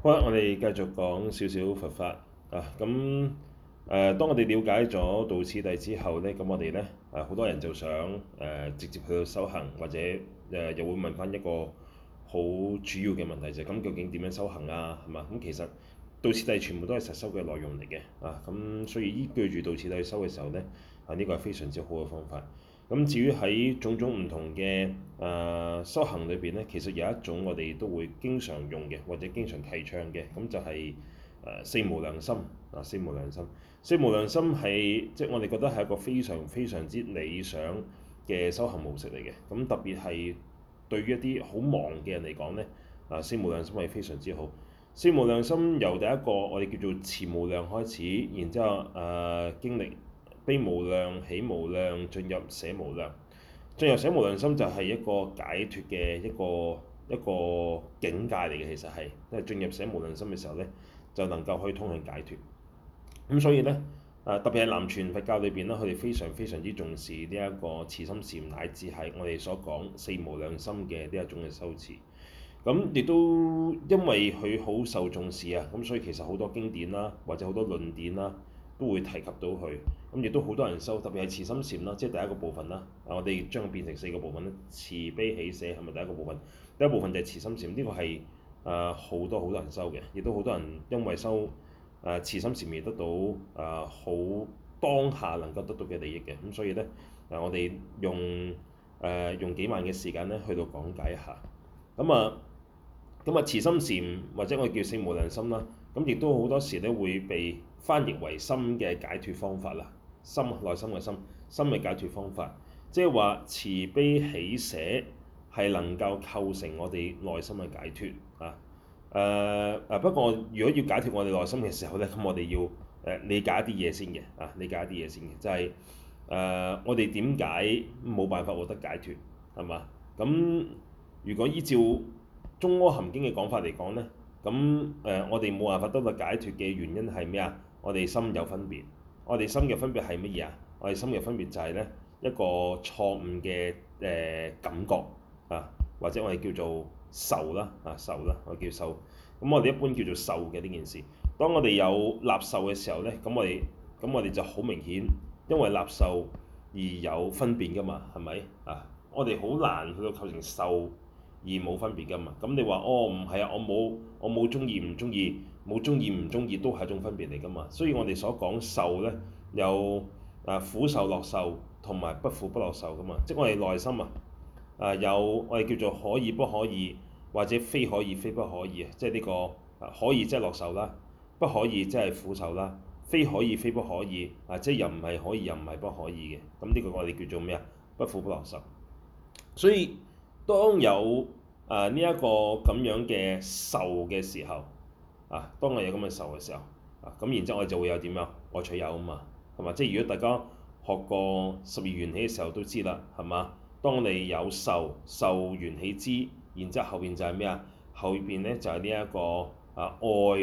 好啦，我哋繼續講少少佛法啊。咁誒、呃，當我哋了解咗道次第之後咧，咁我哋咧啊，好多人就想誒、呃、直接去到修行，或者誒、呃、又會問翻一個好主要嘅問題就係：咁究竟點樣修行啊？係嘛？咁其實道次第全部都係實修嘅內容嚟嘅啊。咁所以依據住道次第修嘅時候咧，啊呢、這個係非常之好嘅方法。咁至於喺種種唔同嘅誒、呃、修行裏邊咧，其實有一種我哋都會經常用嘅，或者經常提倡嘅，咁就係誒四無量心。嗱、呃，四無量心，四無量心係即係我哋覺得係一個非常非常之理想嘅修行模式嚟嘅。咁特別係對於一啲好忙嘅人嚟講咧，嗱、呃、四無量心係非常之好。四無量心由第一個我哋叫做慈無量開始，然之後誒、呃、經歷，悲無量、喜無量、進入捨無量，進入捨無量心就係一個解脫嘅一個一個境界嚟嘅。其實係因為進入捨無量心嘅時候呢，就能夠可以通向解脫。咁所以呢，特別係南傳佛教裏邊咧，佢哋非常非常之重視呢一個慈心禪，乃至係我哋所講四無量心嘅呢一種嘅修持。咁亦都因為佢好受重視啊，咁所以其實好多經典啦，或者好多論點啦，都會提及到佢。咁亦都好多人修，特別係慈心禪啦，即係第一個部分啦。啊，我哋將佢變成四個部分咧，慈悲喜捨係咪第一個部分？第一部分就係慈心禪，呢個係啊好多好多人修嘅，亦都好多人因為修啊、呃、慈心禪而得到啊好、呃、當下能夠得到嘅利益嘅。咁所以咧啊、呃，我哋用誒、呃、用幾萬嘅時間咧，去到講解一下。咁啊咁啊，慈心禪或者我叫四無量心啦，咁亦都好多時咧會被翻譯為心嘅解脱方法啦。心啊，內心嘅心，心嘅解脱方法，即係話慈悲喜捨係能夠構成我哋內心嘅解脱啊。誒、啊、誒，不過如果要解脱我哋內心嘅時候咧，咁我哋要誒理解一啲嘢先嘅啊，理解一啲嘢先嘅，就係、是、誒、啊、我哋點解冇辦法獲得解脱係嘛？咁如果依照中阿含經嘅講法嚟講咧，咁誒我哋冇辦法得到解脱嘅原因係咩啊？我哋心有分別。我哋心嘅分別係乜嘢啊？我哋心嘅分別就係咧，一個錯誤嘅誒感覺啊，或者我哋叫做受啦啊，受啦，我叫受。咁我哋一般叫做受嘅呢件事。當我哋有納受嘅時候咧，咁我哋，咁我哋就好明顯因為納受而有分別噶嘛，係咪啊？我哋好難去到構成受而冇分別噶嘛。咁你話哦，唔係啊，我冇，我冇中意唔中意。冇中意唔中意都係一種分別嚟㗎嘛，所以我哋所講受呢，有啊苦受、樂受同埋不苦不樂受㗎嘛，即係我哋內心啊啊有我哋叫做可以不可以或者非可以非不可以啊，即係呢個可以即係樂受啦，不可以即係苦受啦，非可以非不可以啊，即係又唔係可以又唔係不可以嘅，咁呢個我哋叫做咩啊？不苦不樂受。所以當有啊呢一個咁樣嘅受嘅時候。啊！當我有咁嘅受嘅時候，啊咁，然之後我哋就會有點樣愛取有啊嘛，係嘛？即係如果大家學過十二緣起嘅時候都知啦，係嘛？當你有受，受緣起之，然之後後邊就係咩、就是這個、啊？後邊咧就係呢一個啊愛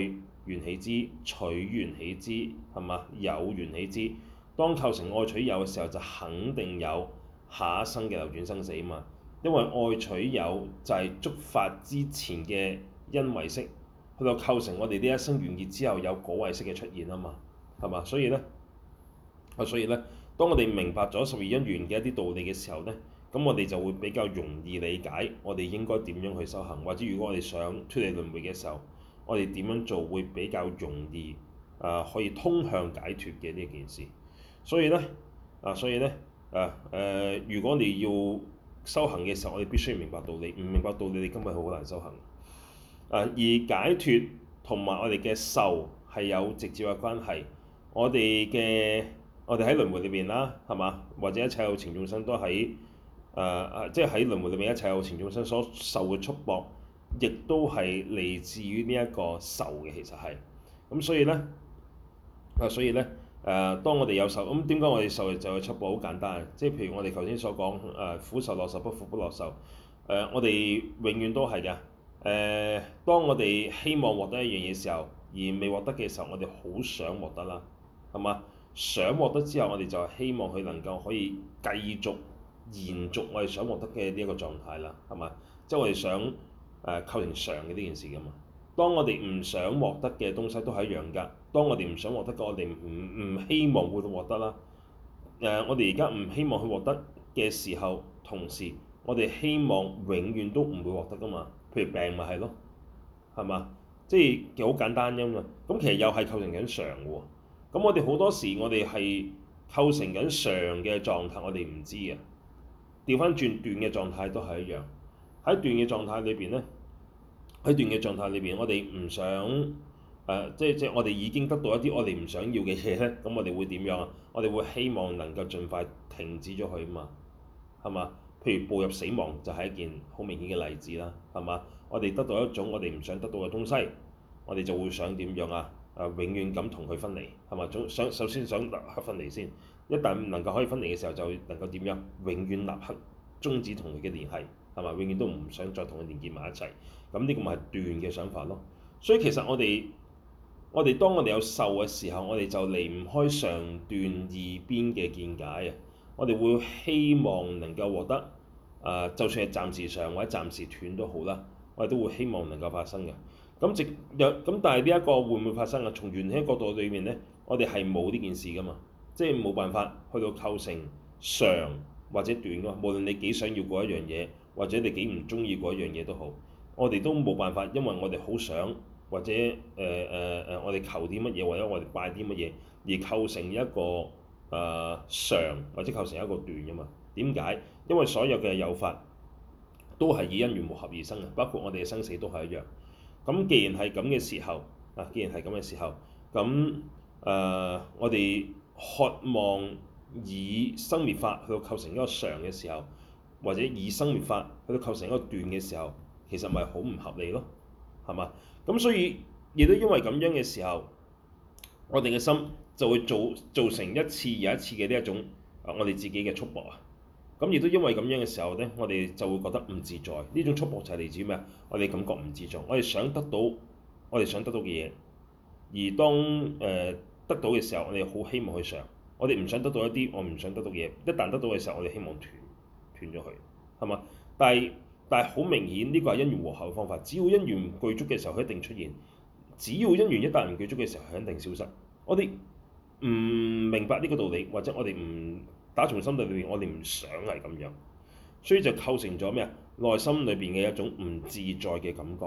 緣起之、取緣起之係嘛、有緣起之。當構成愛取有嘅時候，就肯定有下一生嘅流轉生死啊嘛。因為愛取有就係觸發之前嘅因位式。佢就構成我哋呢一生完結之後有果位式嘅出現啊嘛，係嘛？所以咧啊，所以咧，當我哋明白咗十二因緣嘅一啲道理嘅時候咧，咁我哋就會比較容易理解我哋應該點樣去修行，或者如果我哋想脫離輪迴嘅時候，我哋點樣做會比較容易啊，可以通向解脫嘅呢件事。所以咧啊，所以咧啊誒、呃，如果你要修行嘅時候，我哋必須要明白道理，唔明白道理，你今日好難修行。而解脫同埋我哋嘅受係有直接嘅關係。我哋嘅我哋喺輪迴裏邊啦，係嘛？或者一切有情眾生都喺誒即係喺輪迴裏面，一切有情眾生所受嘅束縛，亦都係嚟自於呢一個受嘅。其實係咁、嗯，所以呢，啊，所以呢，誒、呃，當我哋有受，咁點解我哋受就會束縛？好簡單，即係譬如我哋頭先所講誒、呃、苦受、樂受不苦不樂受、呃、我哋永遠都係嘅。誒、呃，當我哋希望獲得一樣嘢嘅時候，而未獲得嘅時候，我哋好想獲得啦，係嘛？想獲得之後，我哋就希望佢能夠可以繼續延續我哋想獲得嘅呢一個狀態啦，係嘛？即係我哋想誒恆常嘅呢件事㗎嘛。當我哋唔想獲得嘅東西都係一樣㗎。當我哋唔想獲得嘅，我哋唔唔希望會獲得啦。誒、呃，我哋而家唔希望去獲得嘅時候，同時我哋希望永遠都唔會獲得㗎嘛。譬如病咪係咯，係嘛？即係其實好簡單啫嘛。咁其實又係構成緊常嘅。咁我哋好多時我哋係構成緊常嘅狀態，我哋唔知啊。調翻轉斷嘅狀態都係一樣。喺斷嘅狀態裏邊呢，喺斷嘅狀態裏邊，我哋唔想誒，即係即係我哋已經得到一啲我哋唔想要嘅嘢呢。咁我哋會點樣啊？我哋會希望能夠盡快停止咗佢啊嘛，係嘛？譬如步入死亡就係、是、一件好明顯嘅例子啦，係嘛？我哋得到一種我哋唔想得到嘅東西，我哋就會想點樣啊？誒，永遠咁同佢分離，係嘛？總想首先想立刻分離先，一旦能夠可以分離嘅時候，就能夠點樣？永遠立刻終止同佢嘅聯繫，係嘛？永遠都唔想再同佢連結埋一齊。咁呢個咪係斷嘅想法咯。所以其實我哋我哋當我哋有受嘅時候，我哋就離唔開上段二邊嘅見解啊。我哋會希望能夠獲得，誒、呃，就算係暫時長或者暫時斷都好啦，我哋都會希望能夠發生嘅。咁即有咁，但係呢一個會唔會發生啊？從緣起角度裏面呢，我哋係冇呢件事噶嘛，即係冇辦法去到構成長或者短咯。無論你幾想要嗰一樣嘢，或者你幾唔中意嗰一樣嘢都好，我哋都冇辦法，因為我哋好想或者誒誒誒，我哋求啲乜嘢或者我哋拜啲乜嘢而構成一個。誒、呃、常或者構成一個斷嘅嘛？點解？因為所有嘅有法都係以因緣和合而生嘅，包括我哋嘅生死都係一樣。咁既然係咁嘅時候，啊，既然係咁嘅時候，咁誒、呃，我哋渴望以生滅法去到構成一個常嘅時候，或者以生滅法去到構成一個斷嘅時候，其實咪好唔合理咯，係嘛？咁所以亦都因為咁樣嘅時候，我哋嘅心。就會做造，造成一次又一次嘅呢一種，啊我哋自己嘅束縛啊，咁亦都因為咁樣嘅時候呢，我哋就會覺得唔自在。呢種束縛就係嚟自咩啊？我哋感覺唔自在，我哋想得到我哋想得到嘅嘢，而當誒、呃、得到嘅時候，我哋好希望去上。我哋唔想得到一啲，我唔想得到嘅嘢。一旦得到嘅時候，我哋希望斷斷咗佢，係嘛？但係但係好明顯，呢個係因緣和合嘅方法。只要因緣具足嘅時候，佢一定出現；只要因緣一旦唔具足嘅時候，佢一定消失。我哋。唔明白呢個道理，或者我哋唔打從心底裏面，我哋唔想係咁樣，所以就構成咗咩啊？內心裏邊嘅一種唔自在嘅感覺，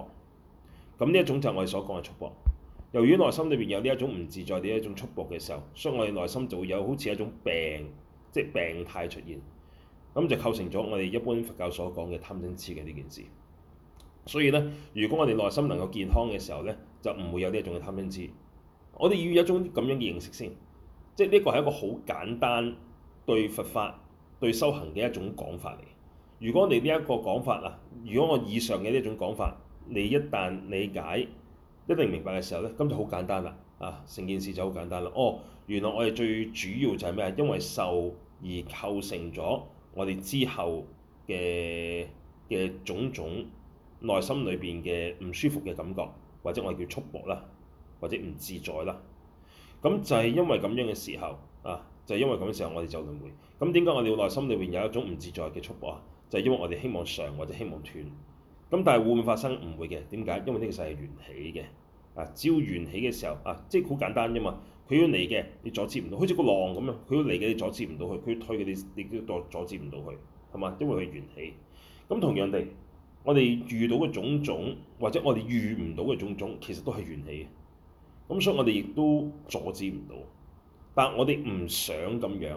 咁呢一種就係我哋所講嘅束縛。由於內心裏邊有呢一種唔自在嘅一種束縛嘅時候，所以我哋內心就會有好似一種病，即係病態出現。咁就構成咗我哋一般佛教所講嘅貪嗔痴嘅呢件事。所以呢，如果我哋內心能夠健康嘅時候呢，就唔會有呢一種嘅貪嗔痴。我哋要有一種咁樣嘅認識先。即係呢個係一個好簡單對佛法對修行嘅一種講法嚟。如果你呢一個講法啊，如果我以上嘅呢種講法，你一旦理解一定明白嘅時候咧，咁就好簡單啦。啊，成件事就好簡單啦。哦，原來我哋最主要就係咩？因為受而構成咗我哋之後嘅嘅種種內心裏邊嘅唔舒服嘅感覺，或者我哋叫束縛啦，或者唔自在啦。咁就係因為咁樣嘅時候啊，就係、是、因為咁嘅時候我，我哋就輪迴。咁點解我哋內心裏邊有一種唔自在嘅觸覺啊？就係、是、因為我哋希望上或者希望斷，咁但係會唔會發生？唔會嘅，點解？因為呢個世係緣起嘅啊，只要緣起嘅時候啊，即係好簡單啫嘛。佢要嚟嘅，你阻止唔到，好似個浪咁樣。佢要嚟嘅，你阻止唔到佢，佢要推嘅，你你都阻阻止唔到佢，係嘛？因為佢緣起。咁同樣地，我哋遇到嘅種種，或者我哋遇唔到嘅種種，其實都係緣起嘅。咁所以，我哋亦都阻止唔到，但我哋唔想咁樣，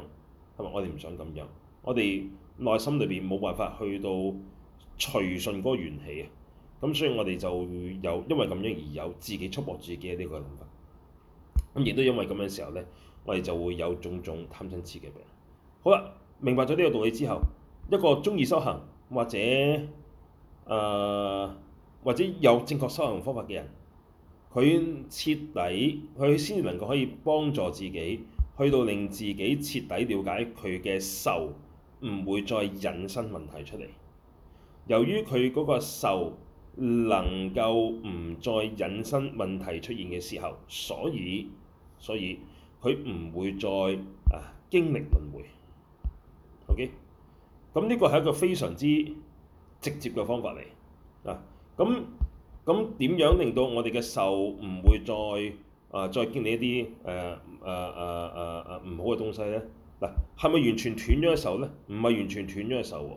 係咪？我哋唔想咁樣，我哋內心裏邊冇辦法去到隨順嗰個元氣啊！咁所以我，我哋就會有因為咁樣而有自己束縛自己嘅呢個諗法。咁亦都因為咁樣時候呢，我哋就會有種種貪嗔痴嘅病。好啦，明白咗呢個道理之後，一個中意修行或者誒、呃、或者有正確修行方法嘅人。佢徹底，佢先至能夠可以幫助自己，去到令自己徹底了解佢嘅受，唔會再引申問題出嚟。由於佢嗰個受能夠唔再引申問題出現嘅時候，所以所以佢唔會再啊經歷輪迴。OK，咁、嗯、呢、呢個係一個非常之直接嘅方法嚟啊！咁、嗯咁點樣令到我哋嘅壽唔會再啊、呃、再經歷一啲誒誒誒誒誒唔好嘅東西咧？嗱係咪完全斷咗嘅壽咧？唔係完全斷咗嘅壽喎。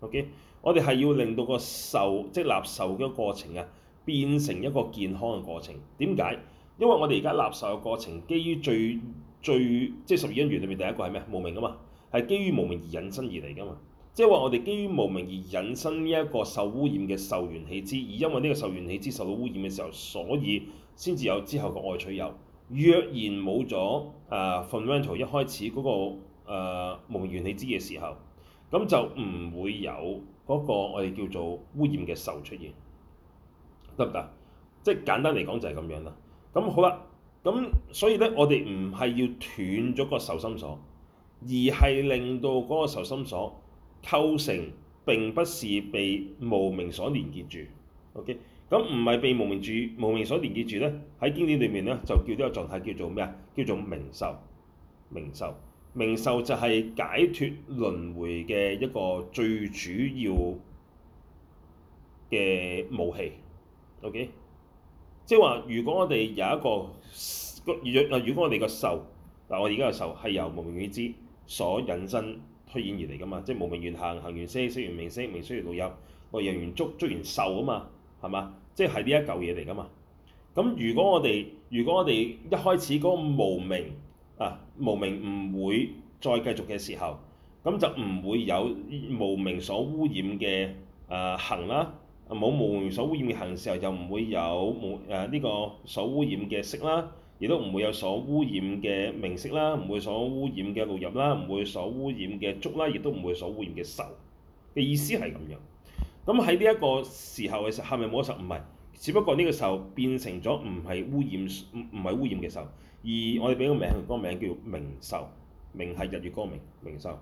OK，我哋係要令到個壽，即係納壽嘅過程啊，變成一個健康嘅過程。點解？因為我哋而家納壽嘅過程基於最最即係十二因緣裏面第一個係咩啊？無明啊嘛，係基於無明而引申而嚟噶嘛。即係話，我哋基於無明而引申呢一個受污染嘅受緣起支，而因為呢個受緣起支受到污染嘅時候，所以先至有之後嘅愛取有。若然冇咗誒、uh, fundamental 一開始嗰、那個誒、uh, 無緣起支嘅時候，咁就唔會有嗰個我哋叫做污染嘅受出現，得唔得？即係簡單嚟講就係咁樣啦。咁好啦，咁所以咧，我哋唔係要斷咗個受心所，而係令到嗰個受心所。構成並不是被無明所連結住，OK？咁唔係被無明住、無明所連結住咧，喺經典裏面咧就叫呢個狀態叫做咩啊？叫做明受，明受，明受就係解脫輪迴嘅一個最主要嘅武器，OK？即係話，如果我哋有一個如果我哋個受嗱，我哋而家個受係由無明與知所引申。出現而嚟噶嘛，即係無明緣行，行完識，識完名色，名色完六入，六入完觸，觸完受啊嘛，係嘛？即係呢一嚿嘢嚟噶嘛。咁如果我哋，如果我哋一開始嗰個無明啊，無明唔會再繼續嘅時候，咁就唔會有無明所污染嘅誒、呃、行啦，冇無明所污染嘅行嘅時候，就唔會有無誒呢、啊呢個所污染嘅色啦。亦都唔會有所污染嘅名色啦，唔會所污染嘅六入啦，唔會所污染嘅觸啦，亦都唔會所污染嘅受嘅意思係咁樣。咁喺呢一個時候係係咪無受？唔係，只不過呢個受變成咗唔係污染唔唔係污染嘅受，而我哋俾個名，個名叫做明受，明係日月光明，明受。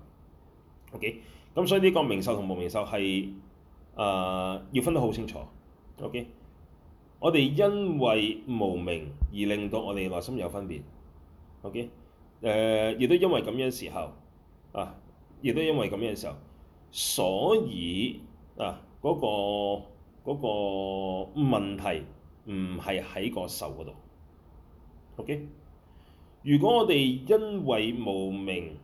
OK，咁所以呢個明受同無明受係誒要分得好清楚。OK。我哋因為無明而令到我哋內心有分別，OK？誒，亦都因為咁樣時候啊，亦都因為咁樣時候，所以啊，嗰個嗰個問題唔係喺個受嗰度，OK？如果我哋因為無明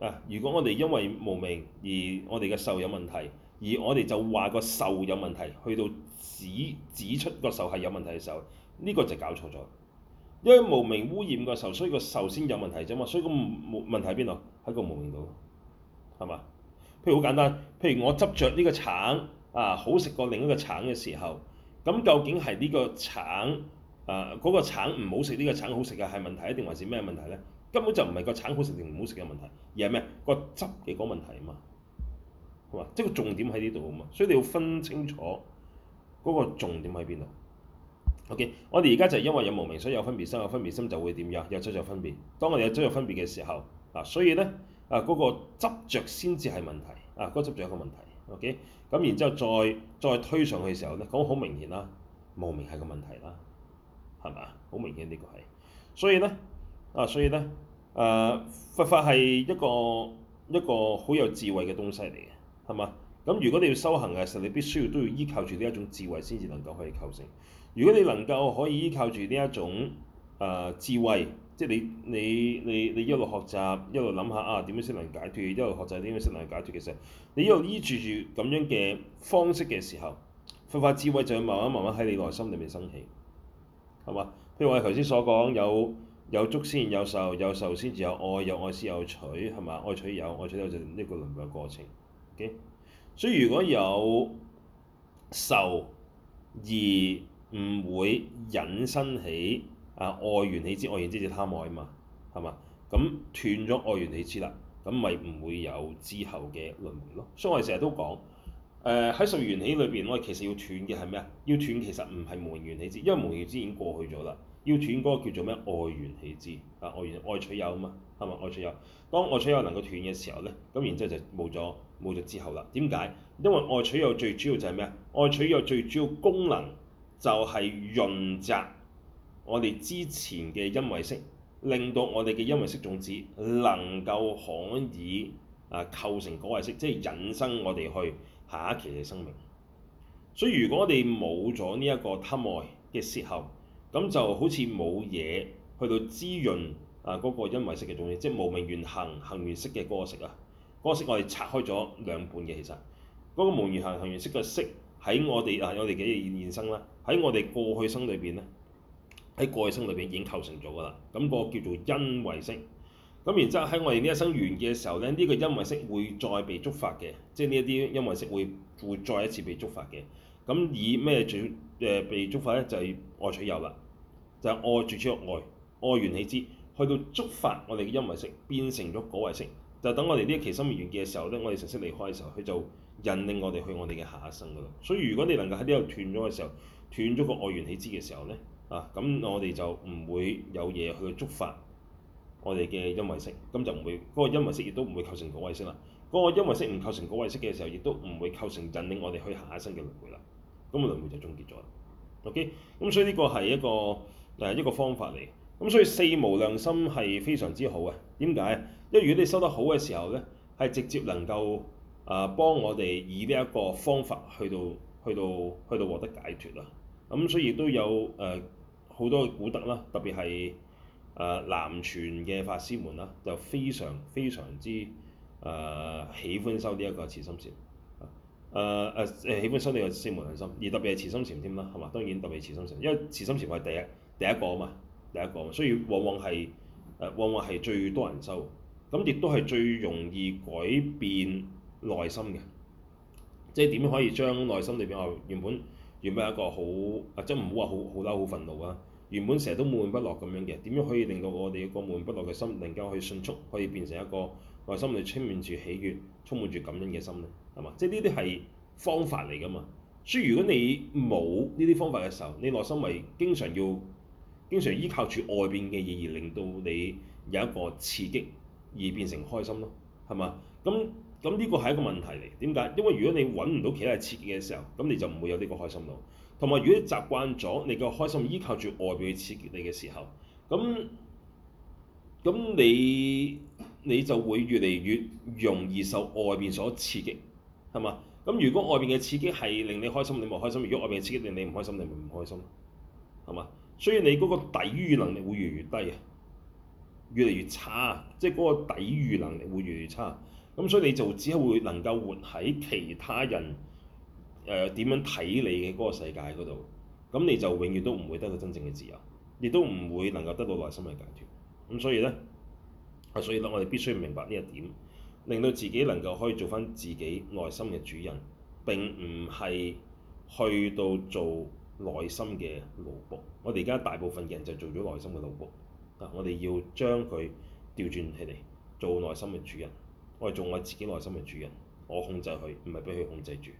啊，如果我哋因為無明而我哋嘅受有問題。而我哋就話個受有問題，去到指指出個受係有問題嘅時候，呢個就搞錯咗。因為無名污染個受，所以個受先有問題啫嘛。所以個問題喺邊度？喺個無名度，係嘛？譬如好簡單，譬如我執着呢個橙啊，好食過另一個橙嘅時候，咁究竟係呢個橙啊嗰個橙唔好食，呢個橙好食嘅係問題，定還是咩問題呢？根本就唔係個橙好食定唔好食嘅問題，而係咩？個汁嘅嗰個問題啊嘛。即係個重點喺呢度啊嘛，所以你要分清楚嗰個重點喺邊度。O.K. 我哋而家就係因為有無明，所以有分別心。有分別心就會點樣？有執著分別。當我哋有執著分別嘅時候啊，所以咧啊嗰個執著先至係問題啊，嗰個執着係一個問題。O.K. 咁然之後再再推上去嘅時候咧，講好明顯啦，無明係個問題啦，係嘛？好明顯呢個係。所以咧啊，所以咧誒、啊，佛法係一個一個好有智慧嘅東西嚟嘅。係嘛？咁如果你要修行嘅時候，你必須要都要依靠住呢一種智慧，先至能夠可以構成。如果你能夠可以依靠住呢一種誒、呃、智慧，即係你你你你一路學習一路諗下啊，點樣先能解脱？一路學習點樣先能解脱？其實，你一路、啊、依住住咁樣嘅方式嘅時候，佛法智慧就會慢慢慢慢喺你內心裏面生起，係嘛？譬如我哋頭先所講，有有足先有受，有受先至有，有，有愛，有愛先有取，係嘛？愛取有，愛取有就呢個輪迴過程。所以、okay. so, 如果有受而唔會引申起啊、呃、外緣起支外緣支就貪愛啊嘛，係嘛？咁斷咗外緣起支啦，咁咪唔會有之後嘅輪迴咯。所以我哋成日都講，喺十緣起裏邊，我哋其實要斷嘅係咩啊？要斷其實唔係無明緣起支，因為無明支已經過去咗啦。要斷嗰個叫做咩？愛緣起支啊，愛緣愛取有啊嘛，係嘛，愛取有，愛取有，當愛取有能夠斷嘅時候呢，咁然後之後就冇咗冇咗之後啦。點解？因為愛取有最主要就係咩啊？愛取有最主要功能就係潤澤我哋之前嘅因位識，令到我哋嘅因位識種子能夠可以啊構成果位識，即係引生我哋去下一期嘅生命。所以如果我哋冇咗呢一個貪愛嘅時候，咁就好似冇嘢去到滋潤啊嗰個因位識嘅東西，即係無明緣行行緣識嘅嗰個識啊，嗰個識我哋拆開咗兩半嘅其實，嗰個無緣行行緣識嘅識喺我哋啊，我哋嘅現現生啦，喺我哋過去生裏邊咧，喺過去生裏邊已經構成咗噶啦，咁個叫做因位識。咁然之後喺我哋呢一生完結嘅時候咧，呢個因位識會再被觸發嘅，即係呢一啲因位識會會再一次被觸發嘅。咁以咩最誒被觸發咧？就係愛取有啦。就係愛住出外，愛緣起執，去到觸發我哋嘅因位識，變成咗果位識，就等我哋呢一期生命完結嘅時候咧，我哋成識離開嘅時候，佢就引領我哋去我哋嘅下一生噶啦。所以如果你能夠喺呢度斷咗嘅時候，斷咗個愛緣起執嘅時候咧，啊咁我哋就唔會有嘢去觸發我哋嘅因位識，咁就唔會嗰、那個因位識亦都唔會構成果位識啦。嗰、那個因位識唔構成果位識嘅時候，亦都唔會構成引領我哋去下一生嘅輪迴啦。咁個輪迴就終結咗啦。OK，咁所以呢個係一個。但誒一個方法嚟，咁所以四無量心係非常之好啊！點解？因為如果你修得好嘅時候呢，係直接能夠啊、呃、幫我哋以呢一個方法去到去到去到獲得解脫啦。咁、啊、所以亦都有誒好、呃、多古德啦，特別係、呃、南傳嘅法師們啦，就非常非常之誒、呃、喜歡修呢一個慈心禪，誒、呃、誒、呃、喜歡修呢個四無量心，而特別係慈心禪添啦，係嘛？當然特別係慈心禪，因為慈心禪係第一。第一個啊嘛，第一個嘛，所以往往係誒、呃，往往係最多人收，咁亦都係最容易改變內心嘅，即係點樣可以將內心裏邊我原本原本一個好啊，即係唔好話好好嬲好憤怒啊，原本成日都悶悶不樂咁樣嘅，點樣可以令到我哋一個悶不樂嘅心能夠去迅速可以變成一個內心裏充滿住喜悅、充滿住感恩嘅心呢？係嘛？即係呢啲係方法嚟噶嘛，所以如果你冇呢啲方法嘅時候，你內心咪經常要。經常依靠住外邊嘅嘢而令到你有一個刺激而變成開心咯，係嘛？咁咁呢個係一個問題嚟。點解？因為如果你揾唔到其他刺激嘅時候，咁你就唔會有呢個開心咯。同埋，如果習慣咗你嘅開心依靠住外邊去刺激你嘅時候，咁咁你你就會越嚟越容易受外邊所刺激，係嘛？咁如果外邊嘅刺激係令你開心，你咪開心；如果外邊嘅刺激令你唔開心，你咪唔開心，係嘛？所以你嗰個抵禦能力會越嚟越低啊，越嚟越差，即係嗰個抵禦能力會越嚟越差。咁所以你就只係會能夠活喺其他人誒點樣睇你嘅嗰個世界嗰度，咁你就永遠都唔會得到真正嘅自由，亦都唔會能夠得到內心嘅解脱。咁所以呢，啊，所以咧我哋必須明白呢一點，令到自己能夠可以做翻自己內心嘅主人，並唔係去到做內心嘅奴僕，我哋而家大部分嘅人就做咗內心嘅奴僕。啊！我哋要將佢調轉起嚟，做內心嘅主人。我哋做我自己內心嘅主人，我控制佢，唔係俾佢控制住，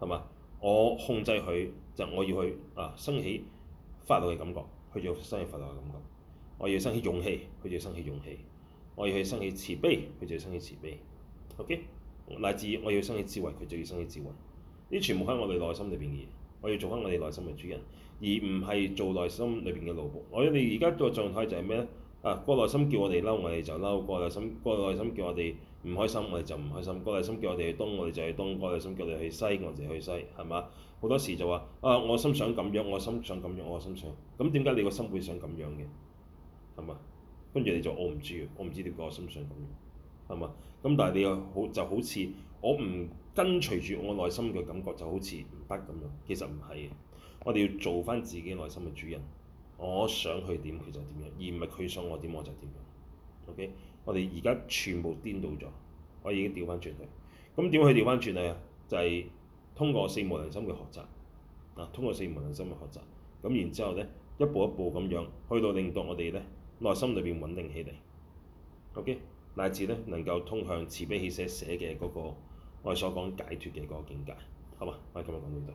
係嘛？我控制佢就係，我要去啊，升起法怒嘅感覺，佢就要升起法怒嘅感覺；我要升起勇氣，佢就要升起勇氣；我要去升起慈悲，佢就要升起慈悲。OK，乃至我要升起智慧，佢就要升起智慧。呢啲全部喺我哋內心裏邊嘅嘢。我要做翻我哋內心嘅主人，而唔係做內心裏邊嘅奴僕。我哋而家個狀態就係咩咧？啊，個內心叫我哋嬲，我哋就嬲；個內心，個內心叫我哋唔開心，我哋就唔開心；個內心叫我哋去東，我哋就去東；個內心叫我哋去西，我哋就去西，係嘛？好多時就話啊，我心想咁樣，我心想咁樣，我心想咁點解你個心會想咁樣嘅？係嘛？跟住你就我唔知我唔知點解我心想咁樣，係嘛？咁但係你又好就好似我唔。跟隨住我內心嘅感覺就好似唔得咁樣，其實唔係嘅。我哋要做翻自己內心嘅主人，我想去點佢就點樣，而唔係佢想我點我就點樣。OK，我哋而家全部顛倒咗，我已經調翻轉去。咁點去調翻轉去？啊？就係、是、通過四無量心嘅學習，啊，通過四無量心嘅學習，咁、啊、然之後呢，一步一步咁樣去到令到我哋呢內心裏邊穩定起嚟。OK，乃至呢，能夠通向慈悲喜捨寫嘅嗰、那個。我哋所講解脫嘅嗰個境界，好嘛？我哋今日講到呢度。